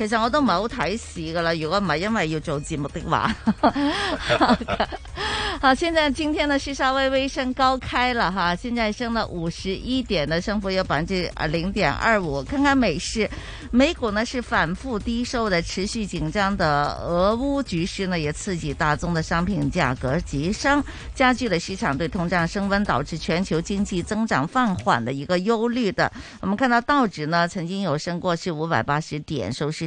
其實我都冇睇市噶啦，如果唔係因為要做節目的話。好，現在今天呢是稍微微升高開了哈，現在升了五十一點呢升幅，有百分之啊零點二五。看看美市，美股呢是反覆低收的，持續緊張的俄烏局勢呢也刺激大宗的商品價格急升，加劇了市場對通脹升温導致全球經濟增長放緩的一個憂慮的。我們看到道指呢曾經有升過是五百八十點，收市。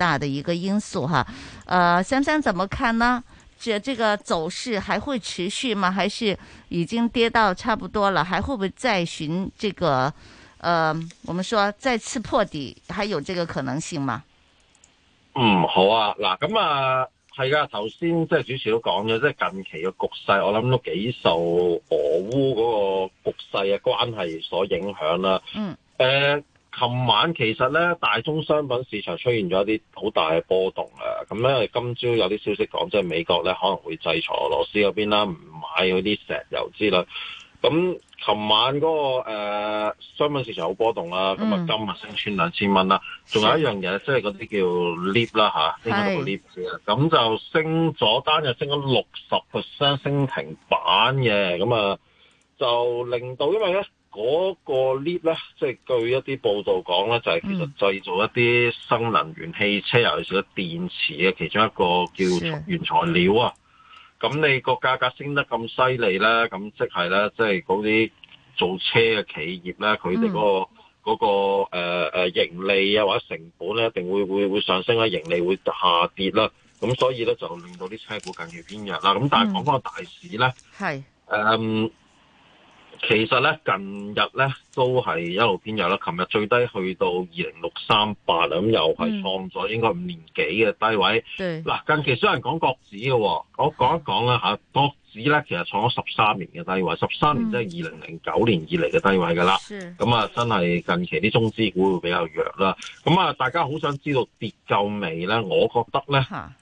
大的一個因素哈，呃，想想怎麼看呢？這這個走勢還會持續嗎？還是已經跌到差不多了？還會不會再尋這個，呃，我們說再次破底，還有這個可能性嗎？嗯，好啊，嗱，咁啊，係噶，頭先即係主持都講咗，即係近期嘅局勢，我諗都幾受俄烏嗰個局勢嘅關係所影響啦。嗯。誒、呃。琴晚其實咧，大宗商品市場出現咗一啲好大嘅波動啊！咁咧，因為今朝有啲消息講，即係美國咧可能會制裁俄羅斯嗰邊啦，唔買嗰啲石油之類。咁琴晚嗰、那個、呃、商品市場好波動啦，咁啊今日升穿兩千蚊啦。仲有一樣嘢，的即係嗰啲叫 lift 啦吓，英文 lift 咁就升咗，單日升咗六十 percent，升停板嘅。咁啊，就令到因為咧。嗰個鋰呢，咧，即係據一啲報道講咧，就係、是、其實製造一啲新能源汽車，尤其、嗯、是個電池嘅其中一個叫原材料啊。咁的你個價格升得咁犀利咧，咁即係咧，即係嗰啲做車嘅企業咧，佢哋嗰個嗰、嗯那個呃、盈利啊，或者成本咧，一定會會會上升咧，盈利會下跌啦。咁所以咧，就令到啲車股更加偏弱。啦咁、嗯、但係講翻大市咧，係的其實咧，近日咧都係一路偏弱啦。琴日最低去到二零六三八，咁又係創咗應該五年幾嘅低位。嗯、對，嗱，近期雖然講國指嘅、哦，我講一講啦吓，是國指咧其實創咗十三年嘅低位，十三年即係二零零九年以嚟嘅低位噶啦。咁啊、嗯，真係近期啲中資股會比較弱啦。咁啊是，大家好想知道跌夠未咧？我覺得咧，哈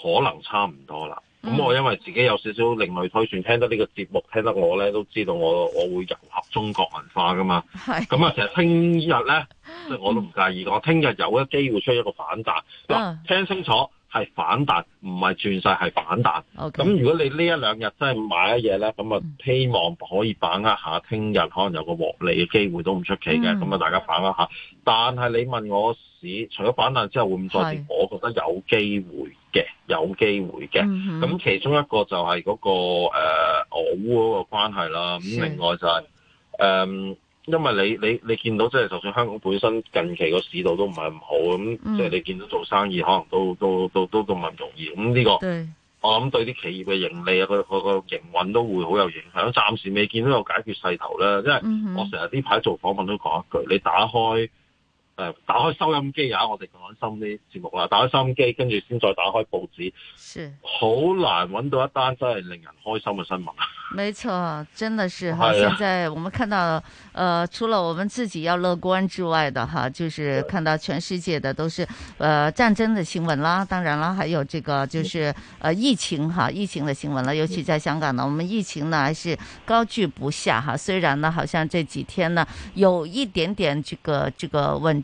可能差唔多啦。咁我、嗯嗯、因為自己有少少另類推算，聽得呢個節目，聽得我咧都知道我我會迎合中國文化噶嘛。咁啊是，成日聽日咧，嗯、即我都唔介意。我聽日有一機會出一個反彈。嗱、啊，聽清楚係反彈，唔係轉勢係反彈。咁 okay, 如果你呢一兩日真係買嘢咧，咁啊希望可以把握下，聽日可能有個獲利嘅機會都唔出奇嘅。咁啊、嗯，大家把握下。但係你問我市，除咗反彈之後會唔會再跌？是我覺得有機會。嘅有機會嘅，咁、嗯、哼其中一個就係嗰、那個誒、呃、俄烏嗰個關係啦，咁是另外就係、是、誒、嗯，因為你你你見到即、就、係、是、就算香港本身近期個市道都唔係咁好，咁即係你見到做生意可能都都都都咁唔容易，咁呢、這個對我諗對啲企業嘅盈利啊，個個營運都會好有影響。暫時未見到有解決勢頭咧，因為我成日呢排做訪問都講一句，你打開。打開收音機啊，我哋講緊收音機節目啦。打開收音機，跟住先再打開報紙，好是難揾到一單真係令人開心嘅新聞。沒錯，真的是哈。是啊、現在我們看到，呃除了我們自己要樂觀之外，的哈，就是看到全世界的都是，呃戰爭的新聞啦。當然啦，還有這個就是，呃疫情哈，疫情的新聞啦。尤其在香港呢，我們疫情呢還是高居不下哈。雖然呢，好像這幾天呢，有一點點這個這個問題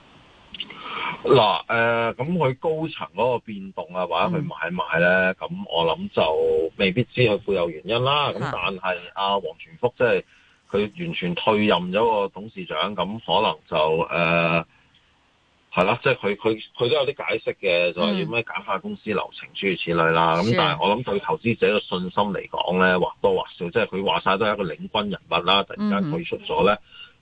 嗱誒，咁佢、呃、高層嗰個變動啊，或者佢買賣咧，咁、嗯、我諗就未必知佢富有原因啦。咁的但係阿黃全福即係佢完全退任咗個董事長，咁可能就誒係啦，即係佢佢佢都有啲解釋嘅，就、嗯、以要咩簡化公司流程諸如此類啦。咁的但係我諗對投資者嘅信心嚟講咧，或多或少，即係佢話晒都係一個領軍人物啦，突然間退出咗咧，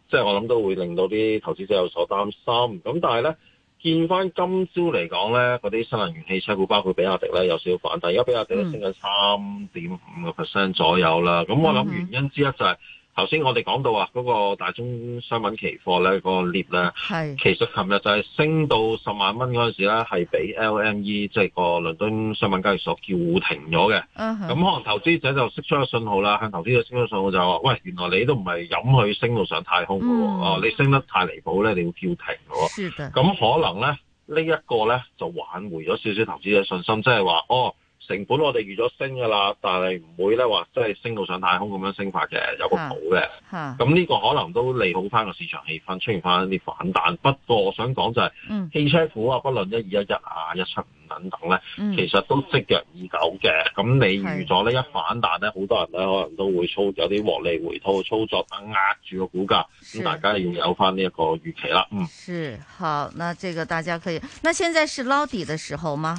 即係、嗯、我諗都會令到啲投資者有所擔心。咁但係咧。見翻今朝嚟講咧，嗰啲新能源汽車股包括比亞迪咧有少少反，但而家比亞迪咧升緊三點五個 percent 左右啦。咁、mm hmm. 我諗原因之一就係、是。頭先我哋講到啊，嗰、那個大宗商品期貨咧、那個貼咧，是其實琴日就係升到十萬蚊嗰陣時咧，係俾 LME 即係個倫敦商品交易所叫停咗嘅。咁、啊、可能投資者就識出咗信號啦，向投資者釋出信號就話，喂，原來你都唔係飲去升到上太空嘅喎、嗯哦，你升得太離譜咧，你要叫停嘅喎。咁的可能咧，呢一個咧就挽回咗少少投資者信心，即係話，哦。成本我哋預咗升㗎啦，但係唔會咧話即係升到上太空咁樣升法嘅，有個譜嘅。咁呢、啊啊、個可能都利好翻個市場氣氛，出現翻啲反彈。不過我想講就係、是，嗯、汽車股啊，不論一二一一啊、一七五等等咧，嗯、其實都積弱已久嘅。咁、嗯、你預咗呢一反彈咧，好是多人咧可能都會操有啲獲利回吐操作等壓住個股價。咁是大家要有翻呢一個預期啦。嗯，是好，那這個大家可以，那現在是撈底的時候嗎？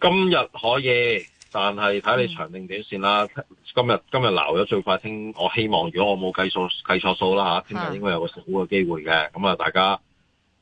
今日可以，但係睇你長定短線啦。今日今日留咗最快聽，聽我希望，如果我冇計錯計錯數啦吓，聽日應該有個好嘅機會嘅。咁啊，大家。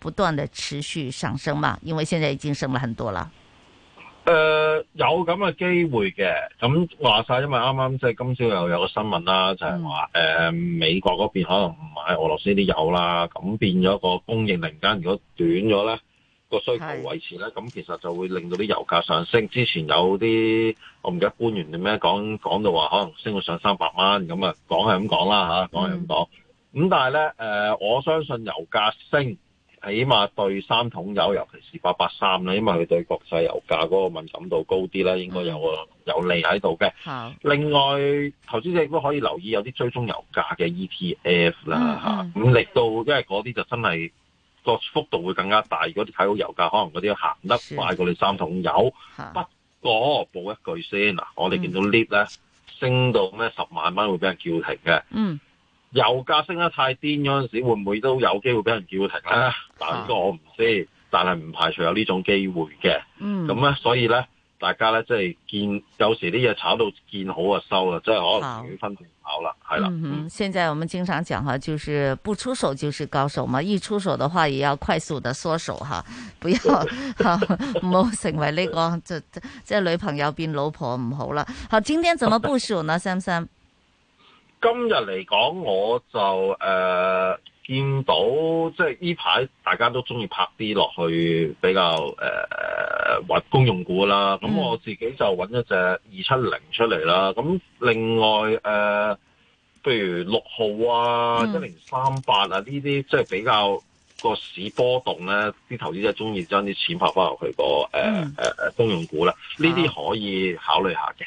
不斷地持續上升嘛，因為現在已經升了很多啦。誒、呃，有咁嘅機會嘅，咁話晒，因為啱啱即係今朝又有個新聞啦，嗯、就係話誒美國嗰邊可能唔買俄羅斯啲油啦，咁變咗個供應突然間如果短咗咧，這個需求維持咧，咁是、嗯、其實就會令到啲油價上升。之前有啲我唔記得官員點樣講，講到話可能升到上三百蚊咁啊，講係咁講啦吓，講係咁講。咁但係咧誒，我相信油價升。起碼對三桶油，尤其是八八三啦，因為佢對國際油價嗰個敏感度高啲啦，應該有個、嗯、有利喺度嘅。是另外投資者亦都可以留意有啲追蹤油價嘅 ETF 啦，吓，咁到因為嗰啲就真係個幅度會更加大。如果睇到油價，可能嗰啲行得快過你三桶油。是不過報一句先嗱，嗯、我哋見到 lift 咧升到咩十萬蚊會俾人叫停嘅。嗯。油價升得太癲嗰陣時，會唔會都有機會俾人叫停咧？好但呢個我唔知，但係唔排除有呢種機會嘅。嗯，咁咧，所以咧，大家咧，即係見有時啲嘢炒到見好啊收啦，即係可能舉翻嚟炒啦，係啦好。的嗯，現在我們經常講話就是不出手就是高手嘛，一出手的話也要快速的縮手哈，不要唔好、 啊、成為呢、這個即即女朋友變老婆唔好啦。好，今天怎麼部署呢？Sam Sam。 今日嚟講，我就誒、呃、見到即係呢排大家都中意拍啲落去比較誒誒揾公用股啦。咁、嗯、我自己就揾咗隻二七零出嚟啦。咁另外誒，譬、呃、如六號啊、一零三八啊呢啲，即係比較個市波動咧，啲投資者中意將啲錢拍翻落去個誒誒誒公用股啦。呢啲可以考慮下嘅。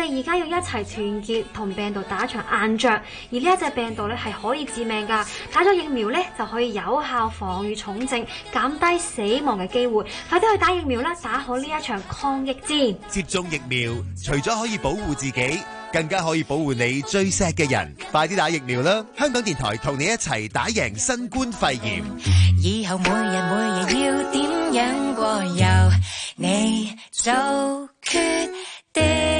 我哋而家要一齊團結，同病毒打場硬仗。而呢一隻病毒咧係可以致命噶，打咗疫苗咧就可以有效防禦重症，減低死亡嘅機會。快啲去打疫苗啦，打好呢一場抗疫戰。接種疫苗，除咗可以保護自己，更加可以保護你最錫嘅人。快啲打疫苗啦！香港電台同你一齊打贏新冠肺炎。以後每日每日要點樣過，由你做決定。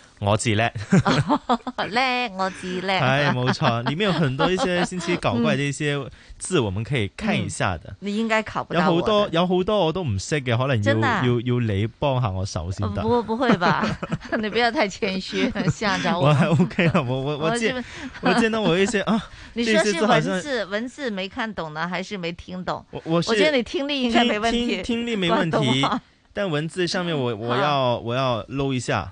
我至叻，叻我至叻，哎，冇錯，裏面有很多一些新奇搞怪的一些字，我們可以看一下的。你應該考不到我。有好多有好多我都唔識嘅，可能要要要你幫下我手先得。不不會吧？你不要太謙虛，嚇著我。我還 OK 啊，我我我見，我見到我一些啊，你說是文字文字沒看懂呢，還是沒聽懂？我我覺得你聽力應該沒問題，聽聽力沒問題，但文字上面我我要我要摟一下。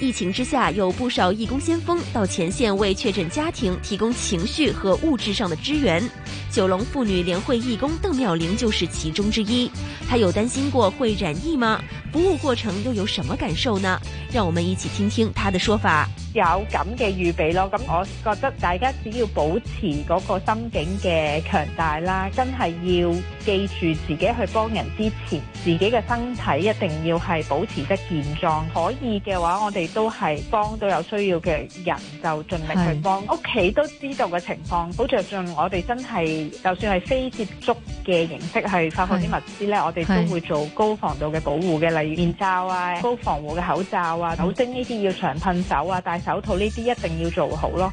疫情之下，有不少義工先鋒到前線為確診家庭提供情緒和物質上的支援。九龍婦女聯會義工鄧妙玲就是其中之一。她有擔心過會染疫嗎？服務過程又有什麼感受呢？讓我們一起聽聽她的說法。有咁嘅預備咯，咁我覺得大家只要保持嗰個心境嘅強大啦，真係要記住自己去幫人之前，自己嘅身體一定要係保持得健壯。可以嘅話我，我哋。都係幫到有需要嘅人，就盡力去幫。屋企是都知道嘅情況，好着重我哋真係，就算係非接觸嘅形式的，係發放啲物資呢，我哋都會做高防度嘅保護嘅，例如面罩啊、是高防護嘅口罩啊、酒精呢啲要常噴手啊、戴手套呢啲一定要做好咯。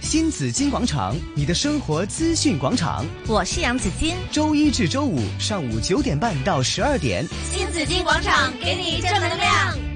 新紫荊廣場，你的生活資訊廣場，我是楊子矜，周一至周五上午九點半到十二點，新紫荊廣場給你正能量。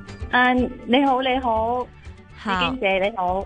嗯，um, 你好，你好，好，李堅姐你好。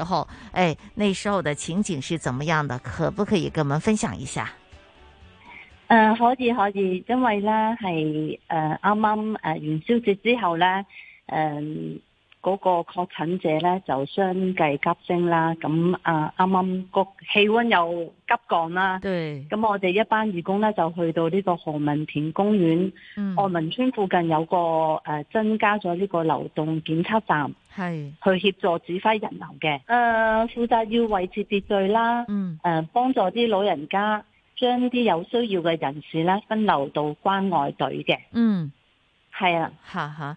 然後，誒、哎，那時候的情景是怎麼樣的？可不可以跟我們分享一下？誒、呃，可以可以，因為呢係誒啱啱誒元宵節之後呢，誒、呃、嗰、那個確診者呢就相繼急升啦，咁啊啱啱個氣溫又急降啦，對，咁我哋一班義工呢，就去到呢個何文田公園，嗯，愛民村附近有個誒、呃、增加咗呢個流動檢測站。係，是去協助指揮人流嘅。誒、呃，負責要維持秩序啦。嗯。誒、呃，幫助啲老人家將啲有需要嘅人士咧分流到關愛隊嘅。嗯，係啊的。吓吓。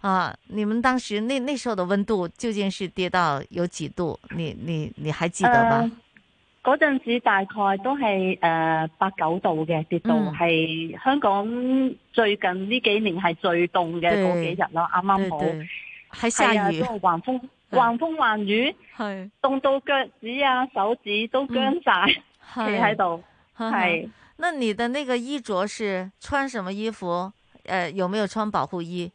啊！你們當時那那時候的溫度究竟是跌到有幾度？你你你還記得吧？嗰、呃、陣時大概都係誒八九度嘅，跌到係、嗯、香港最近呢幾年係最凍嘅嗰幾日啦，啱啱對好喺下雨，仲橫、啊、風橫風橫雨，係凍、嗯、到腳趾啊手指都僵晒，企喺度係。那，嗯、那你的那個衣着是穿什麼衣服？呃，有沒有穿保護衣？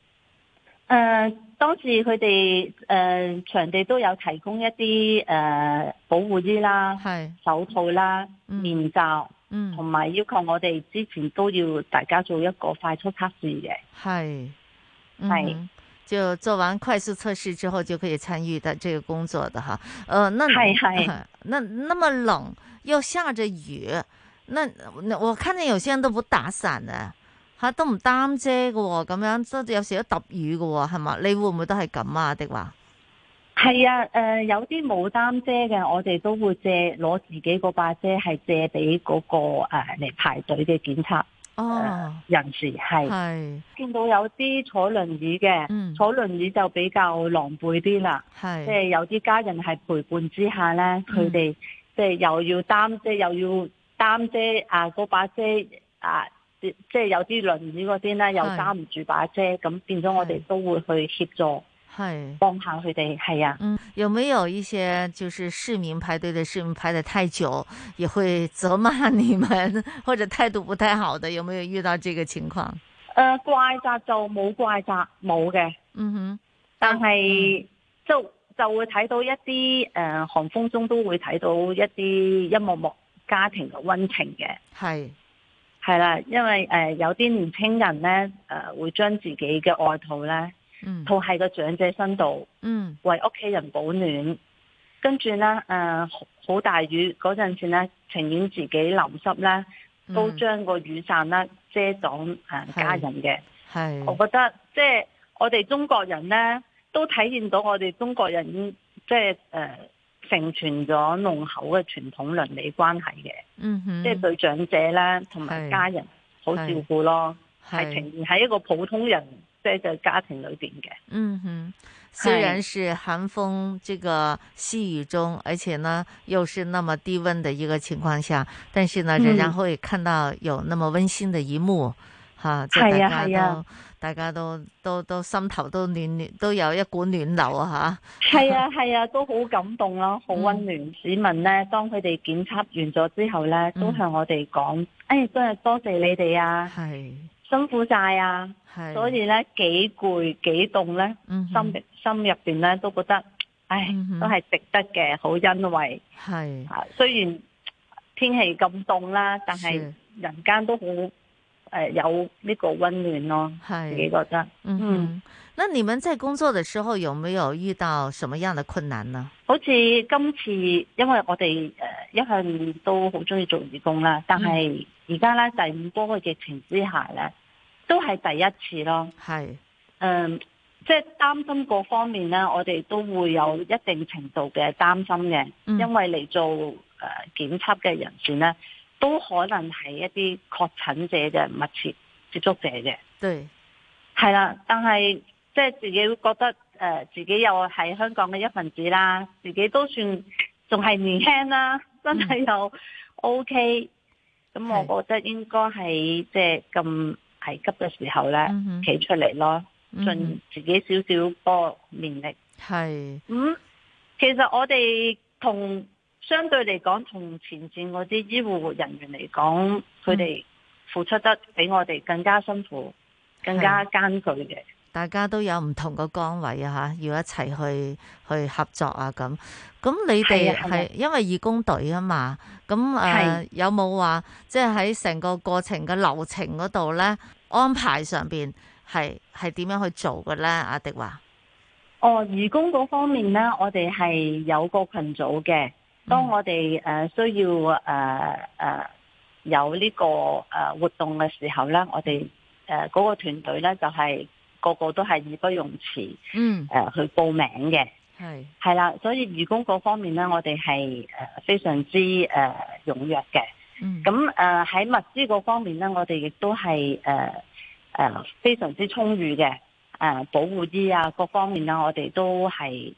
誒、呃，當時佢哋誒場地都有提供一啲誒、呃、保護衣啦，係是手套啦、嗯、面罩，嗯，同埋要求我哋之前都要大家做一個快速測試嘅，係係、嗯，就做完快速測試之後就可以參與到這個工作的哈。誒、呃，那係係、呃，那那麼冷又下着雨，那我看見有些人都不打傘嘅、啊。嚇、啊、都唔擔遮㗎喎，咁樣都有時都揼雨㗎喎，係嘛？你會唔會都係咁啊？迪華，係啊，誒、呃、有啲冇擔遮嘅，我哋都會借攞自己嗰把遮、那個，係借俾嗰個嚟排隊嘅檢測誒、呃哦、人士係。係是見到有啲坐輪椅嘅，嗯、坐輪椅就比較狼狽啲啦。係即係有啲家人係陪伴之下咧，佢哋即係又要擔遮，又要擔遮啊！嗰把遮啊～即係有啲輪椅嗰啲咧，又揸唔住把遮，咁是變咗我哋都會去協助，係幫是下佢哋，係啊。嗯，有冇有一些就是市民排隊的市民排得太久，也會責罵你們或者態度不太好的？有沒有遇到這個情況，呃？怪責就冇怪責，冇嘅。嗯哼，但係就就會睇到一啲誒、呃、寒風中都會睇到一啲一幕幕家庭嘅温情嘅，係。係啦，因為誒、呃、有啲年青人咧，誒、呃、會將自己嘅外套咧，套喺、嗯、個長者身度，嗯、為屋企人保暖。跟住咧，誒、呃、好大雨嗰陣時咧，情願自己淋濕咧，都將個雨傘咧遮擋誒、呃嗯、家人嘅。係，係我覺得即係我哋中國人咧，都體現到我哋中國人即係誒。呃成全咗濃厚嘅傳統倫理關係嘅，即係、嗯、哼對長者咧同埋家人好照顧咯，係呈現喺一個普通人即係嘅家庭裏邊嘅。嗯哼，雖然是寒風這個細雨中，是而且呢又是那麼低溫的一個情況下，但是呢，仍然會看到有那麼溫馨的一幕，哈、啊啊，就大家都。啊。大家都都都心頭都暖暖，都有一股暖流啊！吓，係啊係啊，都好感動咯，好溫暖。市民咧，當佢哋檢測完咗之後咧，都向我哋講，誒，真係多謝你哋啊，係辛苦晒啊！所以咧，幾攰幾凍咧，心心入邊咧都覺得，唉，都係值得嘅，好欣慰。係，雖然天氣咁凍啦，但係人間都好。誒、呃，有呢個溫暖咯，係是，你覺得？嗯，那你們在工作的時候有沒有遇到什麼樣的困難呢？好似今次，因為我哋誒、呃、一向都好中意做義工啦，但係而家咧第五波嘅疫情之下咧，都係第一次咯。係是，誒、呃，即係擔心各方面咧，我哋都會有一定程度嘅擔心嘅，嗯、因為嚟做誒檢測嘅人士咧。都可能係一啲確診者嘅密切接觸者嘅，對，係啦。但係即係自己會覺得、呃、自己又係香港嘅一份子啦，自己都算仲係年輕啦，身體又、嗯、OK。咁我覺得應該喺是即係咁係急嘅時候呢，企、嗯、哼出嚟咯，盡自己少少個免力。係是。嗯，其實我哋同。相對嚟講，同前線嗰啲醫護人員嚟講，佢哋、嗯、付出得比我哋更加辛苦、更加艱巨嘅。大家都有唔同嘅崗位啊，吓，要一齊去去合作啊。咁咁你哋係因為義工隊啊嘛，咁誒，有冇話即係喺成個過程嘅流程嗰度咧，安排上邊係係點樣去做嘅咧？阿、啊、迪華，哦，義工嗰方面咧，我哋係有個群組嘅。當我哋誒需要誒誒有呢個誒活動嘅時候咧，我哋誒嗰個團隊咧就係個個都係義不容辭，嗯誒去報名嘅，係係啦，所以義工嗰方面咧，我哋係誒非常之誒踴躍嘅，嗯，咁誒喺物資嗰方面咧，我哋亦都係誒誒非常之充裕嘅，誒保護衣啊，各方面啊，我哋都係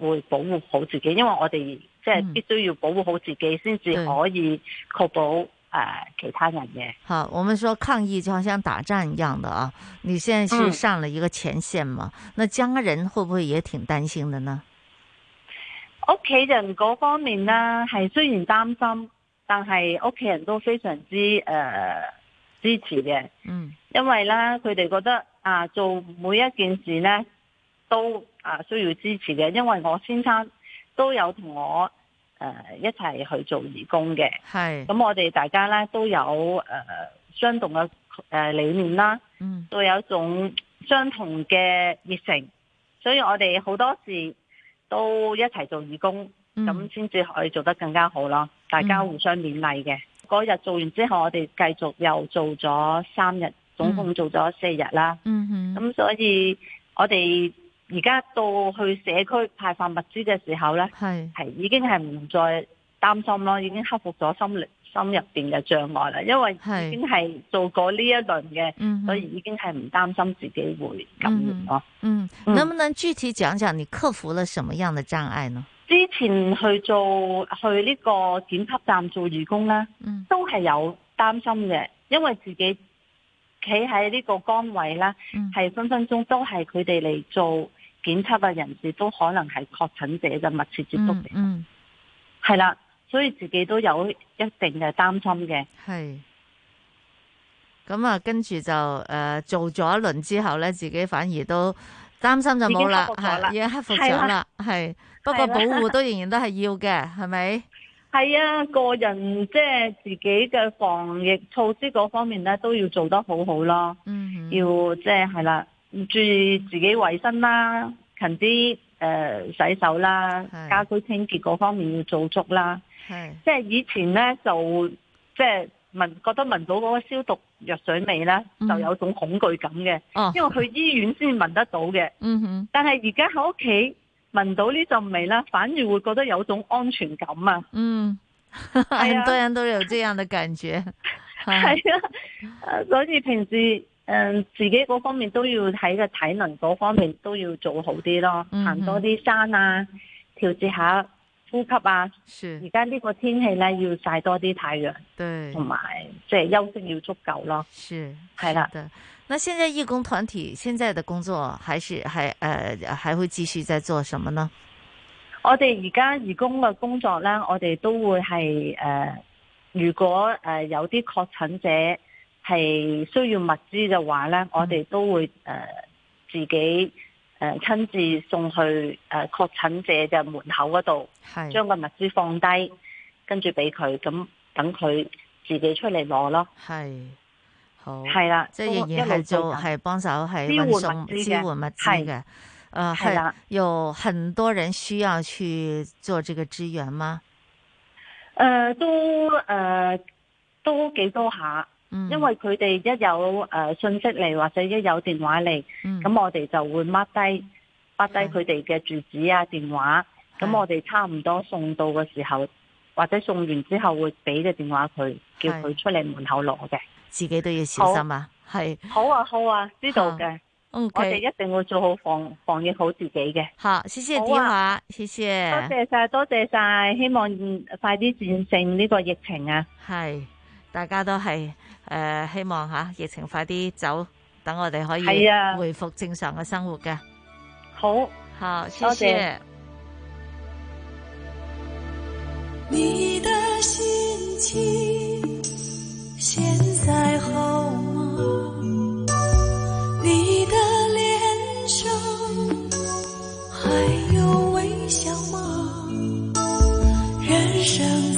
誒會保護好自己，因為我哋。即係必須要保護好自己，先至可以確保誒、嗯呃、其他人嘅。好，我們說抗疫就好像打仗一樣的啊！你現在是上了一個前線嘛？嗯、那家人會不會也挺擔心的呢？屋企人嗰方面呢，係雖然擔心，但係屋企人都非常之誒、呃、支持嘅。嗯，因為呢，佢哋覺得啊、呃，做每一件事呢，都啊、呃、需要支持嘅。因為我先生都有同我。誒、呃，一齊去做義工嘅，係是，咁我哋大家咧都有誒相同嘅誒理念啦，嗯，都有一種相同嘅熱誠，所以我哋好多時都一齊做義工，咁先至可以做得更加好咯，大家互相勉勵嘅。嗰日、嗯、做完之後，我哋繼續又做咗三日，總共做咗四日啦。嗯咁哼所以我哋。而家到去社區派發物資嘅時候呢係是已經係唔再擔心咯，已經克服咗心理心入邊嘅障礙啦。因為已經係做過呢一輪嘅，是所以已經係唔擔心自己會感染咯、嗯。嗯，嗯能唔能具體講講講你克服了什麼樣的障礙呢？之前去做去呢個檢測站做義工呢都係有擔心嘅，因為自己企喺呢個崗位啦，係分分鐘都係佢哋嚟做。檢測嘅人士都可能係確診者嘅密切接觸者，嗯，係啦，所以自己都有一定嘅擔心嘅，係。咁啊，跟住就誒做咗一輪之後咧，自己反而都擔心就冇啦，係啦，已經克服咗啦，係。不過保護都仍然都係要嘅，係咪？係啊，個人即係自己嘅防疫措施嗰方面咧，都要做得好好咯。嗯，要即係係啦。注意自己衛生啦，勤啲誒、呃、洗手啦，是家居清潔嗰方面要做足啦。是即係以前呢，就即係聞覺得聞到嗰個消毒藥水味呢，就有種恐懼感嘅。嗯、因為去醫院先聞得到嘅。嗯、哦、但係而家喺屋企聞到呢陣味呢，反而會覺得有種安全感啊。嗯，很多人都有這樣的感覺。係啊， 係啊，所以平時。誒、呃，自己嗰方面都要喺個體能嗰方面都要做好啲咯，嗯嗯，行多啲山啊，調節下呼吸啊。是。而家呢個天氣咧，要曬多啲太陽。對。同埋，即係休息要足夠咯。是。係啦。對。那現在義工團體現在的工作還是係誒、呃，還會繼續在做什麼呢？我哋而家義工嘅工作咧，我哋都會係誒、呃，如果誒、呃、有啲確診者。係需要物資嘅話咧，我哋都會誒、呃、自己誒呃、親自送去誒確診者嘅門口嗰度，將是個物資放低，跟住俾佢咁等佢自己出嚟攞咯。係好，係啦，即係仍然係做係幫手，係運送支援物資嘅。係啦，是的呃、是有很多人需要去做這個支援嗎？誒、呃，都誒、呃、都幾多下。因為佢哋一有誒信息嚟或者一有電話嚟，咁我哋就會 mark 低，發低佢哋嘅住址啊、電話，咁我哋差唔多送到嘅時候，或者送完之後會俾個電話佢，叫佢出嚟門口攞嘅，自己都要小心啊。係好啊，好啊，知道嘅。我哋一定會做好防防疫好自己嘅。吓，謝謝電話，謝謝，多謝晒，多謝晒，希望快啲戰勝呢個疫情啊。係。大家都係誒，希望吓疫情快啲走，等我哋可以恢復正常嘅生活嘅。好，吓好，多謝，謝。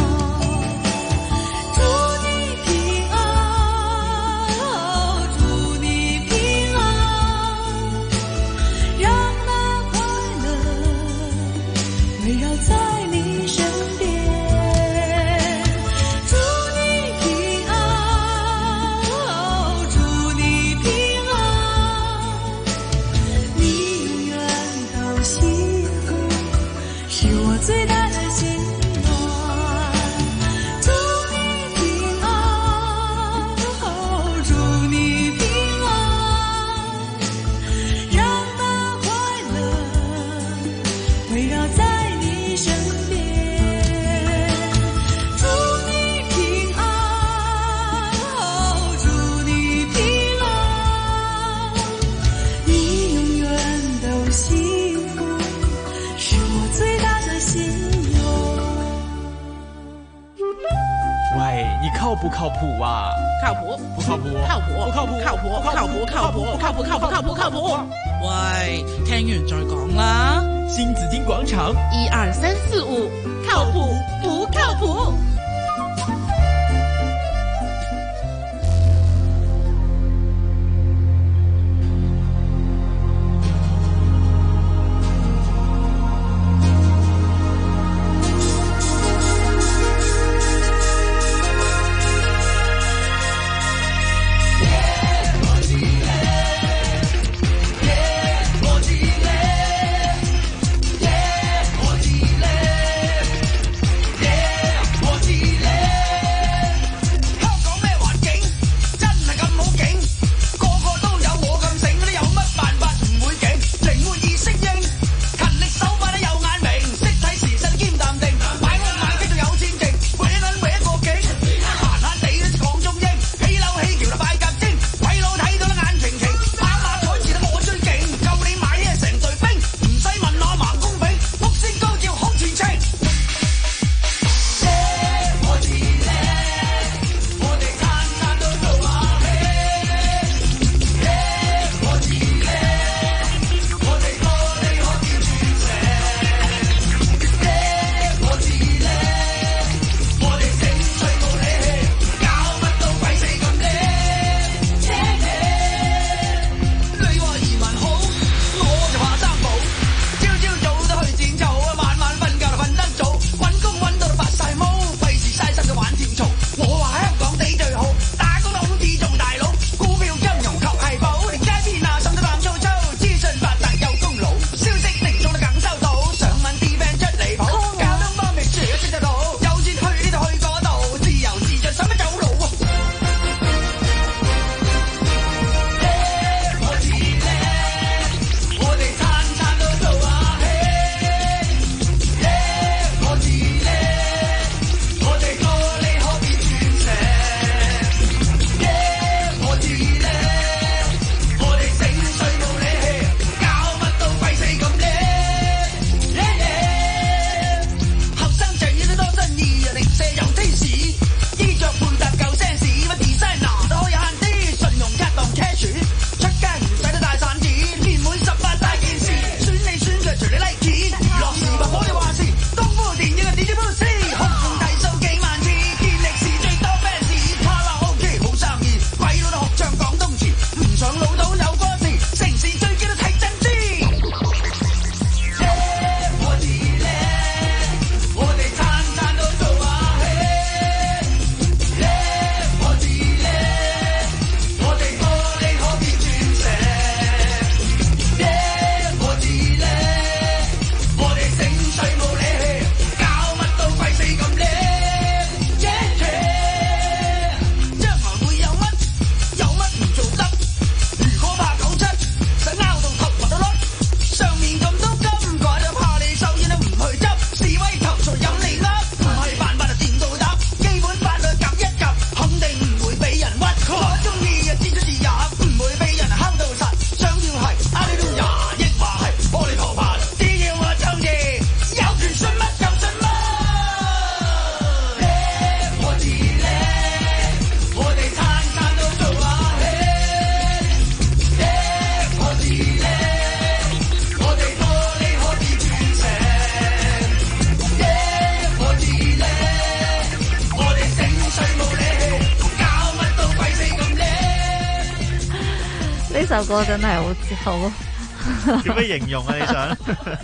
個歌真係好，好，點樣形容啊？你想？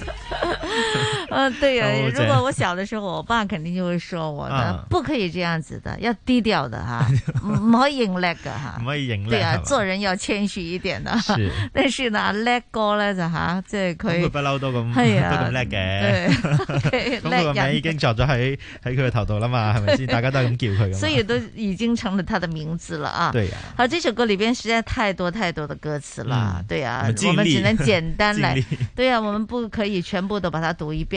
嗯，對呀。如果我小的時候，我爸肯定就會說我的，不可以這樣子的，要低調的哈，唔可以影叻的哈，唔可以影。對呀，做人要謙虛一點的。是。但是呢，叻哥呢就哈，即係佢不嬲都咁，係啊，都咁叻嘅。對。咁佢個名已經鑿咗喺喺佢個頭度啦嘛，係咪先？大家都係咁叫佢。所以都已經成了他的名字了啊。對啊。好，這首歌裏邊實在太多太多的歌詞了。對啊，我們只能簡單來。對啊，我們不可以全部都把它讀一遍。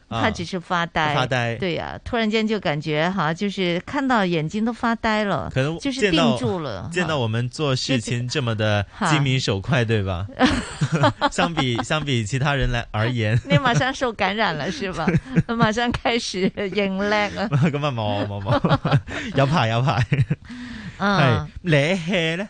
他只是發呆發、啊、呆，對呀、啊，突然間就感覺哈，就是看到眼睛都發呆了，可能就是定住了。見到我們做事情這麼的精明手快，啊、對吧？啊、 相比相比其他人來而言， 你馬上受感染了 是吧？馬上開始應叻啊！咁 啊冇冇冇，有排有排，係你係咧？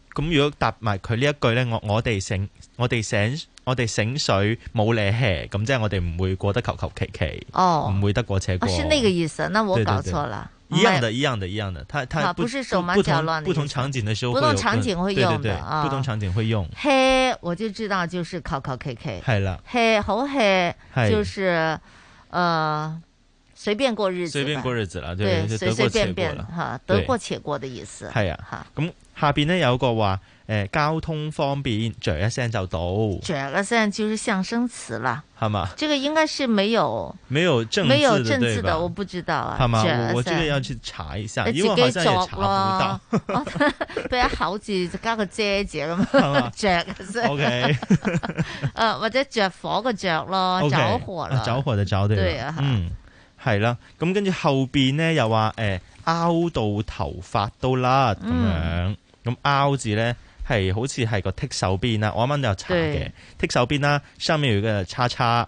咁如果答埋佢呢一句咧，我我哋醒，我哋醒，我哋醒水冇嘢 hea 咁即係我哋唔會過得求求其其，哦，唔會得過且過、啊。是那個意思，那我搞錯了對對對。一樣的，一樣的，一樣、嗯、的。他他不同不同場景的時候，不同場景會用的，不同場景會用。嘿，我就知道就是考考 k k 係啦嘿，好嘿，就是，誒的。呃隨便過日子，對，隨隨便便啦，哈，得過且過的意思。係啊，哈。咁下邊呢有個話，誒，交通方便，着一聲就到。着一聲就是象聲詞啦，係嘛？這個應該是沒有，沒有正，沒有正字的，我不知道啊，係嘛？我我這個要去查一下，因為好像也查唔到，一口字就加個遮字咁樣，着一聲，O K，誒，或者着火個着咯，着火啦，着火的着對，對啊，嗯。係啦，咁跟住後邊咧又話誒拗到頭髮都甩咁樣，咁拗，嗯、字咧係好似係個剔手邊啦，我啱啱都有查嘅對剔手邊啦，上面有個叉叉。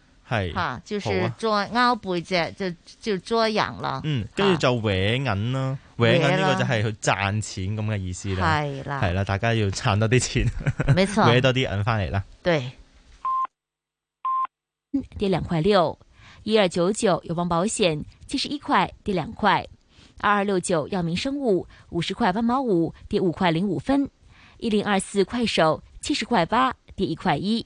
係，是啊嗯、就，就是再勾背脊就就捉人啦。嗯，跟住就搵銀啦，搵銀呢個就係去賺錢咁嘅意思啦。係啦，係啦，大家要賺多啲錢，冇錯，搵多啲銀翻嚟啦。對，跌兩塊六，一二九九友邦保險七十一塊跌兩塊，二二六九藥明生物五十塊八毛五跌五塊零五分，一零二四快手七十塊八跌一塊一。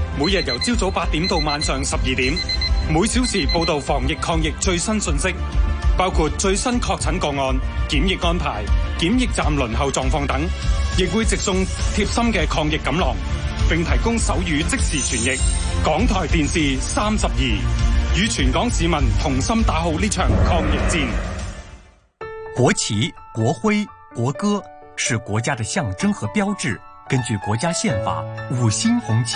每日由朝早八點到晚上十二點，每小時報道防疫抗疫最新信息，包括最新確診個案、檢疫安排、檢疫站輪候狀況等，亦會直送貼心嘅抗疫錦囊，並提供手語即時傳譯。港台電視三十二與全港市民同心打好呢場抗疫戰。國旗、國徽、國歌是國家的象徵和標誌。根據國家憲法，五星紅旗。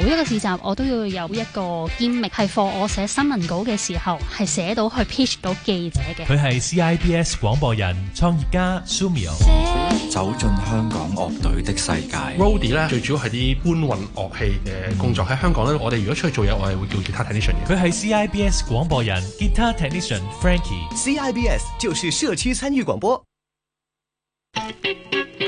每一個市集，我都要有一個 gimmick。係放我寫新聞稿嘅時候，係寫到去 pitch 到記者嘅。佢係 CIBS 廣播人，創業家 Sumio，走進香港樂隊的世界。Rody 咧，最主要係啲搬運樂器嘅工作喺、嗯、香港咧。我哋如果出去做嘢，我係會叫吉他 technician 嘅。佢係 CIBS 廣播人，吉他 technician Frankie。CIBS 就是社區參與廣播。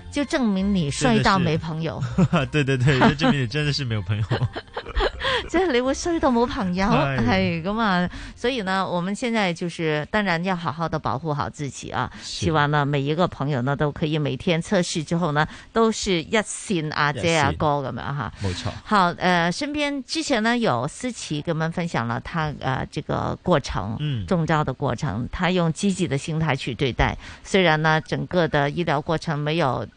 就證明你衰到沒朋友對，呵呵。對對對，證明你真的是沒有朋友。即係你會衰到沒朋友，係咁嘛？所以呢，我們現在就是當然要好好的保護好自己啊！是希望呢每一個朋友呢都可以每天測試之後呢，都是一線阿姐阿哥咁樣哈。冇錯。好，呃，身邊之前呢有思琪跟我們分享了他呃這個過程，嗯，中招的過程，他、嗯、用積極的心態去對待，雖然呢整個的醫療過程沒有。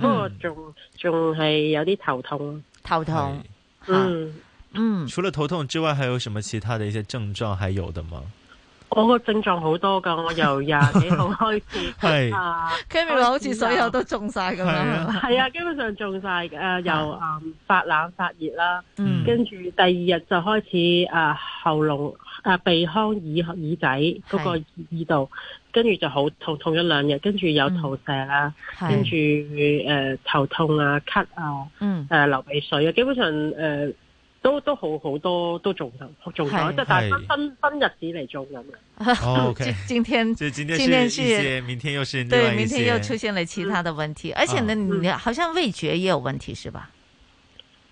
不過仲仲係有啲頭痛，頭痛，嗯嗯。除了頭痛之外，還有什麼其他的一些症狀？還有的嗎？我個症狀好多噶，我由廿幾號開始，係，Cammy 話好似所有都中晒咁樣，係啊，基本上中晒嘅，由嗯發冷發熱啦，嗯，跟住第二日就開始誒喉嚨誒鼻腔耳耳仔嗰個耳度。跟住就好痛痛一兩日，跟住有肚瀉啦，跟住誒頭痛啊、咳啊、誒流鼻水啊，基本上誒都都好好多都做唔到，做咗即係大家分分日子嚟做咁。O K，今天今天先，明天又是對，明天又出現了其他的問題，而且呢，好像味覺也有問題是吧？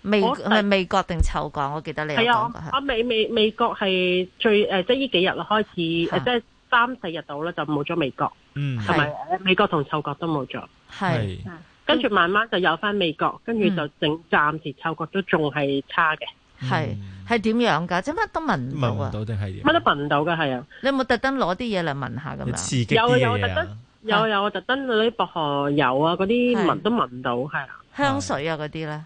味味覺定嗅覺，我記得你係啊，味味味覺係最誒，即係呢幾日開始，即係。三四日到啦，就冇咗味覺，嗯，同埋誒，味覺同嗅覺都冇咗，係，跟住慢慢就有翻味覺，嗯，跟住就整暫時嗅覺都仲係差嘅，係？係點樣噶？即係乜都聞唔到聞唔到定係乜都聞唔到噶係啊？你有冇特登攞啲嘢嚟聞下咁啊？刺激嘢啊？有有特登有有特登啲薄荷油啊，嗰啲聞都聞唔到，係啊，香水啊嗰啲咧。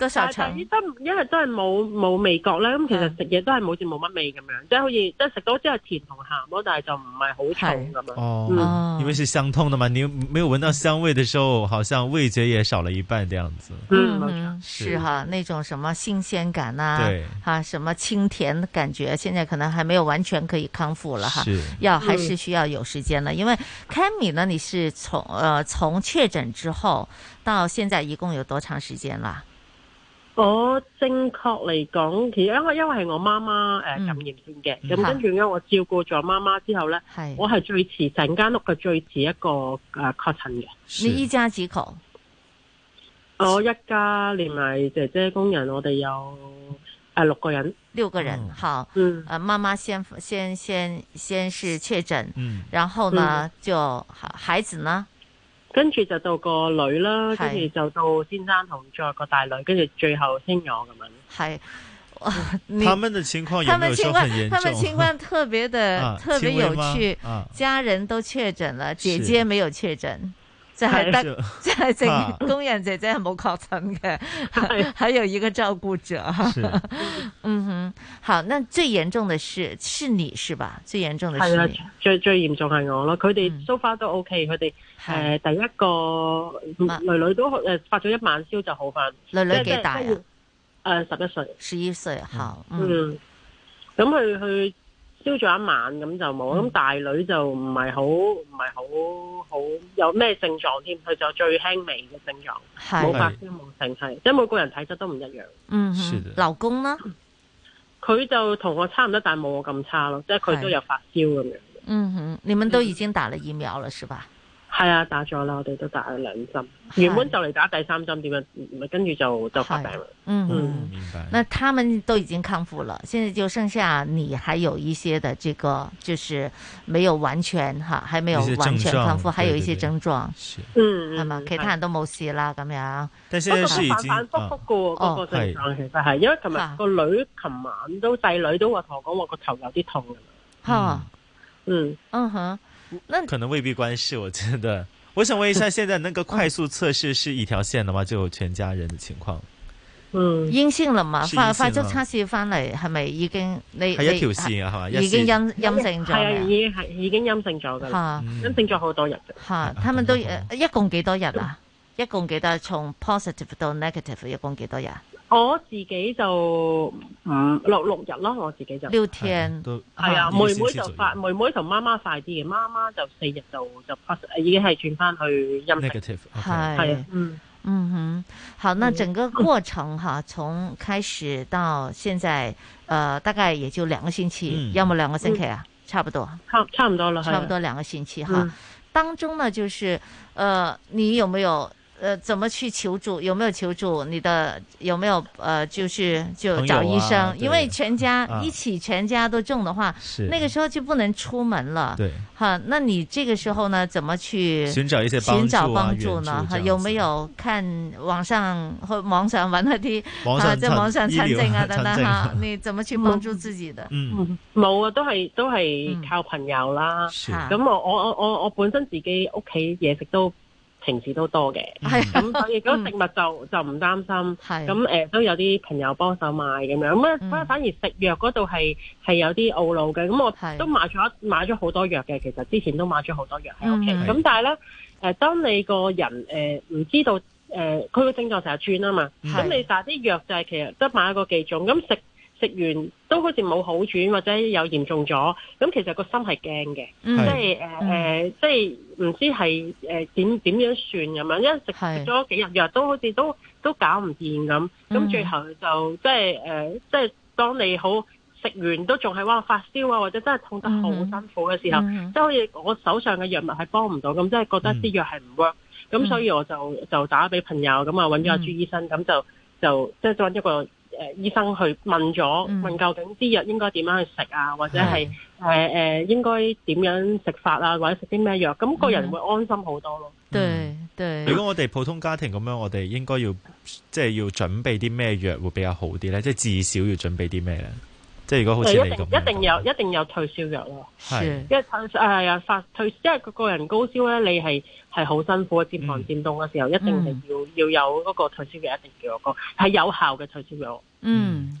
都受長，都因為都係冇冇味覺啦，咁其實食嘢都係好似冇乜味咁樣，即係好似即係食到之後甜同鹹咯，但係就唔係好重咁咯。是哦，嗯、因為是相通的嘛，你沒有聞到香味的時候，好像味覺也少了一半這樣子，嗯。嗯，是哈，是那種什麼新鮮感啊，對啊，什麼清甜的感覺，現在可能還沒有完全可以康復了哈，是要還是需要有時間了。嗯、因為 Kimi 呢，你是從呃從確診之後，到現在一共有多長時間啦？我正確嚟講，其實因為因為係我媽媽誒感染先嘅，咁、嗯、跟住咁我照顧咗媽媽之後咧，是我係最遲整間屋嘅最遲一個誒確診嘅。你一家幾口？我一家連埋姐姐工人，我哋有誒六個人，六個人，好。誒、嗯、媽媽先先先先是確診，然後呢、嗯、就孩子呢？跟住就到個女啦，是跟住就到先生同再個大女，跟住最後聽我咁樣。係，啊、你他們的情況有冇？他們情況，他們情況特別的、 啊、特別有趣，家人都確診了，啊、姐姐沒有確診。即係得，即係正工人姐姐係冇確診嘅，啊、還有一個照顧者。是嗯哼，好。那最嚴重嘅是，是你是吧？最嚴重嘅是你。最最嚴重係我咯。佢哋 so far 都 OK，佢哋誒第一個女女都誒發咗一晚燒就好返。女女幾大啊？誒、呃，十一歲。十一歲，好。嗯。咁佢去。嗯燒咗一晚，咁就冇，咁大女就唔係好唔係好好，有咩症狀添，佢就最輕微嘅症狀，冇的發燒，冇性係，即係每個人體質都唔一樣。嗯哼，是的老公呢？佢就同我差唔多，但係冇我咁差咯，即係佢都有發燒咁樣的嗯哼，你們都已經打了疫苗了，是吧？嗯係啊，打咗啦，我哋都打咗兩針，原本就嚟打第三針，點樣唔係跟住就就發病啦。嗯，明白。那他們都已經康復了，現在就剩下你還有一些的這個，就是沒有完全吓，還沒有完全康復，還有一些症狀。嗯，係嘛？其他人都冇事啦，咁樣。不過反反复覆噶喎，個症狀其實係，因為琴日個女，琴晚都細女都話同我講，我個頭有啲痛。吓，嗯，嗯吓。可能未必關事，我覺得。我想問一下，現在那個快速測試是一條線的話，就有全家人的情況？嗯，陰性了嘛？快發快速測試翻嚟係咪已經你？係一條線啊？係嘛？已經陰陰性咗？係啊，陰已經係已經陰性咗噶。哈、啊，陰性咗好多日。哈，他們都、啊、一共幾多日啊？嗯、一共幾多？從 positive 到 negative 一共幾多日？我自己就五六六日咯，我自己就六天，係啊，妹妹就快，妹妹同媽媽快啲嘅，媽媽就四日就就 pass，已經係轉翻去陰性，係係嗯嗯哼，好，那整個過程哈，從開始到現在，呃，大概也就兩個星期，有冇兩個星期啊，差不多，差差唔多啦，差唔多兩個星期哈，當中呢，就是，呃，你有沒有？呃，怎麼去求助？有沒有求助？你的有沒有呃，就是就找醫生？因為全家一起，全家都中的話，那個時候就不能出門了。對，哈，那你這個時候呢，怎麼去尋找一些幫助呢？尋找幫助呢？有沒有看網上或網上揾一啲？在網上參政啊，等等。哈，你怎麼去幫助自己的？嗯，冇啊，都係都係靠朋友啦。咁我我我我本身自己屋企嘢食都。平時都多嘅，咁、mm hmm. 嗯、所以嗰食物就就唔擔心，咁誒、mm hmm. 嗯、都有啲朋友幫手買咁樣，咁反反而食藥嗰度係係有啲懊惱嘅，咁我都買咗買咗好多藥嘅，其實之前都買咗好多藥喺屋企，咁、mm hmm. 嗯、但係咧誒，當你個人誒唔、呃、知道誒，佢、呃、個症狀成日轉啊嘛，咁、mm hmm. 你就啲藥就係其實得買一個幾種，咁食。食完都好似冇好轉，或者有嚴重咗，咁其實個心係驚嘅，即係誒誒，即係唔知係誒點點樣算咁樣，因為食咗幾日藥都好似都都搞唔掂咁，咁最後就即係誒即係當你好食完都仲係話發燒啊，或者真係痛得好辛苦嘅時候，即係好似我手上嘅藥物係幫唔到，咁即係覺得啲藥係唔 work，咁所以我就就打俾朋友，咁啊揾咗阿朱醫生，咁、嗯、就就即係揾一個。呃、醫生去問咗，嗯、問究竟啲藥應該點樣去食啊，或者係誒是、呃、應該點樣食法啊，或者食啲咩藥，咁個人會安心好多咯。對、嗯嗯、對。對如果我哋普通家庭咁樣，我哋應該要即係、就是、要準備啲咩藥會比較好啲呢？即、就、係、是、至少要準備啲咩呢？即係如果好似你咁一定一定有一定有退燒藥咯。係，因為誒誒、發退，因為個個人高燒咧，你係係好辛苦，接房跌凍嘅時候，一定係要、嗯、要有嗰個退燒藥，一定要我講係有效嘅退燒藥。嗯。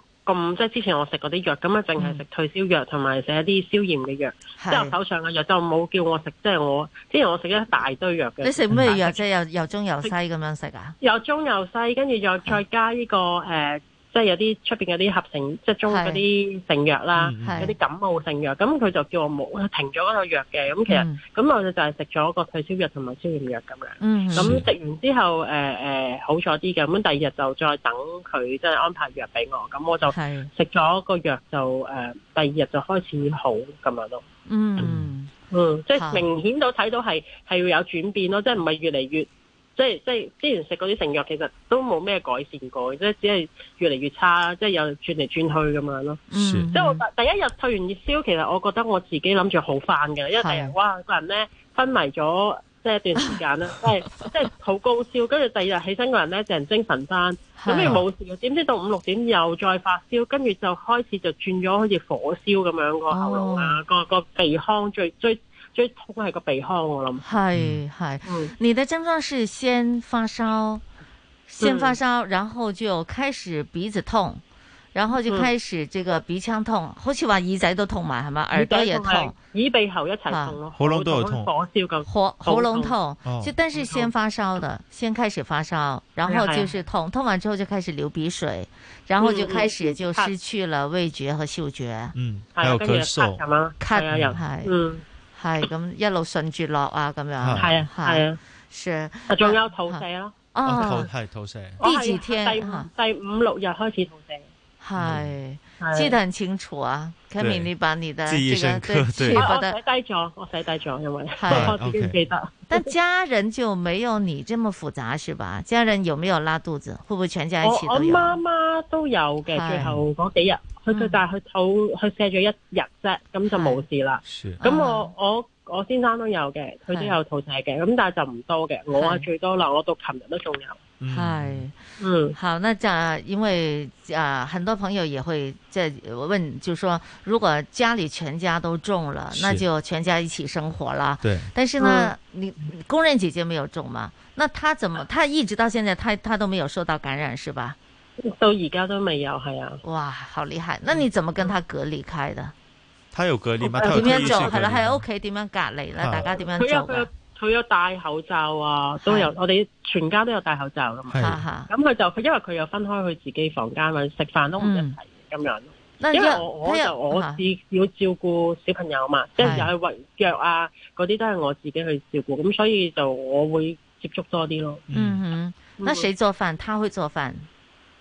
咁即係之前我食嗰啲藥咁啊，淨係食退燒藥同埋食一啲消炎嘅藥，之是後手上嘅藥就冇叫我食，即係我之前我食咗一大堆藥嘅。你食咩藥即係又又中又西咁樣食啊？又中又西，跟住又再加呢、這個誒。是呃即係有啲出面有啲合成，即係中嗰啲成藥啦，是有啲感冒成藥，咁佢是就叫我冇停咗嗰個藥嘅，咁其實咁、嗯、我就就係食咗個退燒藥同埋消炎藥咁樣，咁食、嗯、完之後誒、呃呃、好咗啲嘅，咁第二日就再等佢即係安排藥俾我，咁我就食咗個藥就誒、呃、第二日就開始好咁樣咯，嗯嗯，即係明顯到睇到係係要有轉變咯，即係唔係越嚟越。即係即係之前食嗰啲成藥，其實都冇咩改善過，即係只係越嚟越差，即係又轉嚟轉去咁樣咯。嗯。即係我第一日退完熱燒，其實我覺得我自己諗住好翻㗎。因為第二日哇，個人咧昏迷咗即係一段時間啦， 即係即係好高燒，跟住第二日起身個人咧係精神翻，咁你冇事點點知到五六點又再發燒，跟住就開始就轉咗好似火燒咁樣個喉嚨啊，個個鼻腔最最。最痛係個鼻腔我諗，係係。你的症狀是先發燒，先發燒，然後就開始鼻子痛，然後就開始這個鼻腔痛，好似話耳仔都痛埋係嘛？耳朵也痛，耳鼻喉一齊痛，喉嚨都有痛，喉喉嚨痛，就但是先發燒的，先開始發燒，然後就是痛，痛完之後就開始流鼻水，然後就開始就失去了味覺和嗅覺，嗯，還有咳嗽，咳啊咳，嗯。係咁一路順住落啊，咁樣。係啊，係啊 s h r 仲有肚瀉咯，啊，係肚瀉。呢次聽，第五、第五六日開始肚瀉。係。記得很清楚啊，Kimi，你把你的記憶深刻，對，我寫低咗，我寫低咗，因為我自己唔記得。但家人就沒有你這麼複雜，是吧？家人有沒有拉肚子？會不會全家一起都有？我媽媽都有嘅，最後嗰幾日，佢最大，佢肚佢瀉咗一日啫，咁就冇事啦。是，咁我我。我先生都有嘅，佢都有淘汰嘅，咁是但係就唔多嘅，我啊最多啦，是我到琴日都仲有。係，嗯，嗯好，那就因為啊、呃，很多朋友也會在問，就說如果家裏全家都中了，是那就全家一起生活啦。對，但是呢，嗯、你工人姐姐沒有中嘛？那她怎麼，她一直到現在，她她都沒有受到感染，是吧？到而家都未有，係啊。哇，好厲害！那你怎麼跟她隔離開的？嗯嗯佢有佢啲乜？點樣做？係啦，喺屋企點樣隔離咧？大家點樣做？佢有佢有，有，有，有戴口罩啊，都有。是我哋全家都有戴口罩噶嘛。咁佢是就佢因為佢有分開佢自己房間嘛，食飯都唔一齊咁樣。嗯、因為我就我就有我自己要照顧小朋友嘛，即係又係喂藥啊，嗰啲都係我自己去照顧。咁所以就我會接觸多啲咯。嗯哼，那誰做飯？佢會做飯。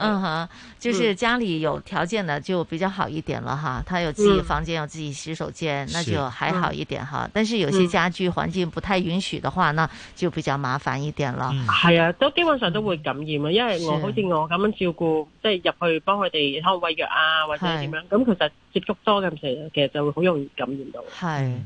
嗯哼，就是家裏有條件的就比較好一點了哈，嗯、他有自己房間，嗯、有自己洗手間，是那就還好一點哈。嗯、但是有些家居環境不太允許的話，那就比較麻煩一點了。嗯，係啊，都基本上都會感染啊，因為我好似我咁樣照顧，即係入去幫佢哋，然後喂藥啊，或者點樣，咁是、嗯、其實接觸多咁時，其實就會好容易感染到。係